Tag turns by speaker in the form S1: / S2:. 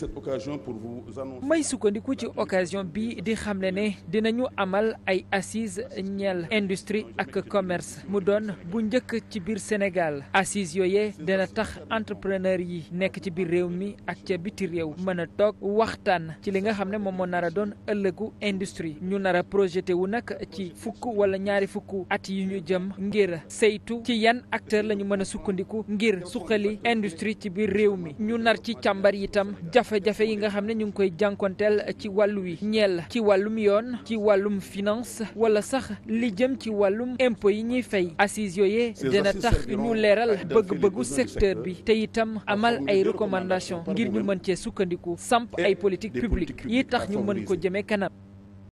S1: cette occasion may
S2: sukkandiku ci occasion bi di xamle ne dinañu amal ay assises ñeel industrie ak commerce mu doon bu njëkk ci biir Sénégal assises yooyee dina tax entrepreneur yi nekk ci biir réew mi ak ca biti réew mën a toog waxtaan ci li nga xam ne moom moo nar a doon ëllëgu industrie ñu nar a projeté wu nag ci fukk wala ñaari fukk at yi ñu jëm ngir saytu ci yan acteur la ñu mën a sukkandiku ngir suqali industrie ci biir réew mi ñu nar ci càmbar itam jaf jafe-jafe yi nga xam ne ñu ngi koy jànkonteel ci wàllu wi ñeel ci wàllum yoon ci wàllum finance wala sax li jëm ci wàllum impôt yi ñuy fay assises yooyee dina tax ñu leeral bëgg-bëggu secteur bi te itam amal ay recommandations ngir ñu mën cee sukkandiku samp ay politique publique yi tax ñu mën ko jëmee kanam